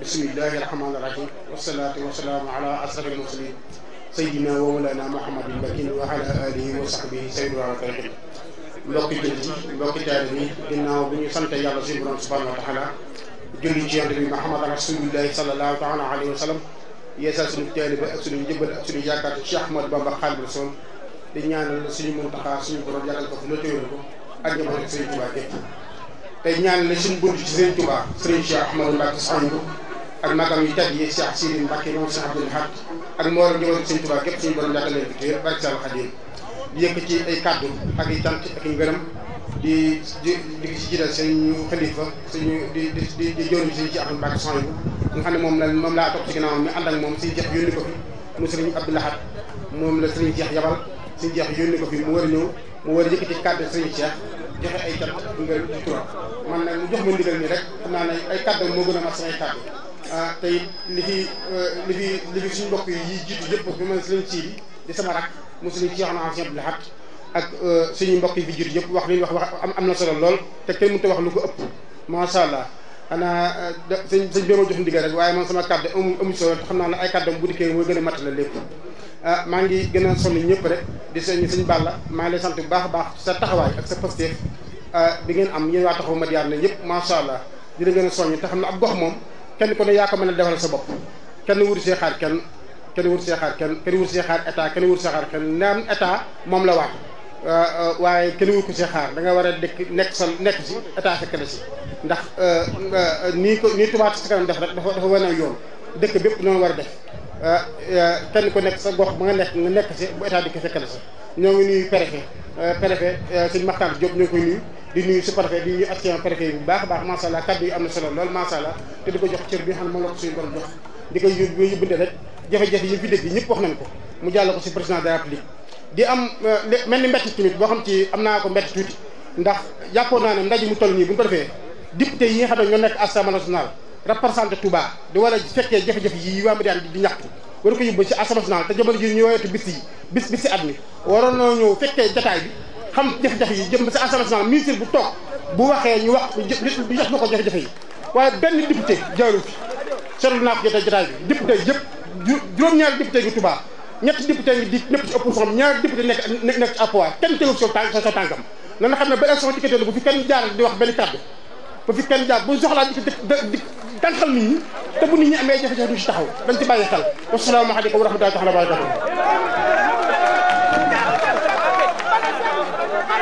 bismillahi rahmaani rahiim wasalaatu wasalaamu ala asrafil mursaliin sayyidina wa mawlaana Muhammadin Mbakin wa ala alihi wa sahbihi sayyidina wa tarixin mbokki jullit yi mbokki taalibe yi ginnaaw bi ñu sant yàlla suñu borom subhaanahu wa taala julli ci yonent bi Muhammad rasulillahi sallallahu taala alayhi wa sallam yeesal suñu taalibe ak suñu njëbbal ak suñu yaakaar ci Cheikh Ahmadou Bamba Xaadimu Rasuul di ñaanal suñu Muntaxa suñu borom yàggal ko fu la téyoon ko ak njaboot Sëriñ Tuubaa gépp tey ñaanal suñu bunt ci Sëriñ Tuubaa Sëriñ Cheikh Ahmadou Mbacké ak magam yu tedd yi Cheikh Sidi Mbacke moom Cheikh Abdoul Ahad ak mboolem njaboot Sëñ Tuubaa képp suñu borom yàggal leen fi téye barke Sall ci ay kàddu ak i cant ak di di di ci jiital suñu xalifa suñu di di di di jëriñ suñu ne moom la moom laa topp ci moom suñu jeex yónni ko fi moom la Sëriñ Cheikh yabal suñu jeex yónni ko mu war a ñëw mu a yëkk ci kàddu Sëriñ Cheikh joxe ay cant naa ay kàddu moo gën a mat samay kàddu ah euh, te it li fi euh, li fi li fi suñu mbokk yi yiy jiitu yëpp ñu mën si ci di sama rak mu si lañ ci wax na Cheikh Abdoul Ahad ak euh, suñu mbokk yi fi jiitu yëpp wax li wax wax am na solo lool te kenn mënut a wax lu ko ëpp macha allah xanaa sëñ sëñ bi ma jox ndigal rek waaye man sama kàddu amul amul solo ne ay kàddam bu dikkee mooy lépp. maa ngi gën a sonn ñëpp rek di sëñ sëñ Balla maa ngi lay sant bu baax a baax sa taxawaay ak sa posteef bi ngeen am yéen waa taxawu Madiyana ñëpp macha allah dina gën a soññ te xam ne ab gox moom kenn ku ne yaa ko mën a defal sa bopp kenn wut see xaar kenn kenn wut see xaar kenn kenn wut see xaar état kenn wut see xaar kenn naam moom la wax euh, euh, waaye kenn wut ko see xaar da war a dëkk nekk sa nekk si état fekk na si ndax euh, nii ko nii Touba Ca Kanam def rek dafa dafa wane yoon dëkk bépp noonu war a def kenn ku nekk sa gox ba nga nekk nga nekk si bu état di ko fekk ñoo ngi nuyu préfet préfet sëñ Makhtar Diop ñoo koy nuyu. di nuyu si préfet di nuyu action préfet yi bu baax a baax macha allah kaddu yi am na solo lool macha allah te di ko jox cër bi nga xam ne moom la ko suñu borom jox rek jafe-jafe yi fi dégg ko mu jàll ko di am euh, mel ni mbett boo xam ci am naa ko mbett tuuti ndax jàppoon naa ne ndaje mu toll nii bu ñu ko yi nga xam ne ñoo nekk assemblée nationale représenté Touba di war a fekkee jafe yi waa Madiyana di ñaxtu war ko yóbbu si assemblée nationale te jamono ji bis yi bis bis si at mi waroon noo ñëw fekkee jataay bi xam jafe-jafe yi jëm sa assemblée nationale ministre bu toog bu waxee ñu wax ñu jox na ko jafe-jafe yi waaye benn député jaarul fi seetlu naa ko jota jotaay bi député yëpp juróom-ñaari député yu Touba ñetti député ngi di ñëpp ci opposition bi ñaari député nekk nekk ci APOA kenn teewul sa tànk sa tànkam na nga xam ne ba élection ci bu fi kenn jaar di wax benn kàddu bu fi kenn jaar bu soxlaa di di dànqal nit ñi te bu nit ñi amee jafe-jafe du ci taxaw dañ ci bàyyi xel wasalaamaaleykum wa rahmatullahi wa barakatuh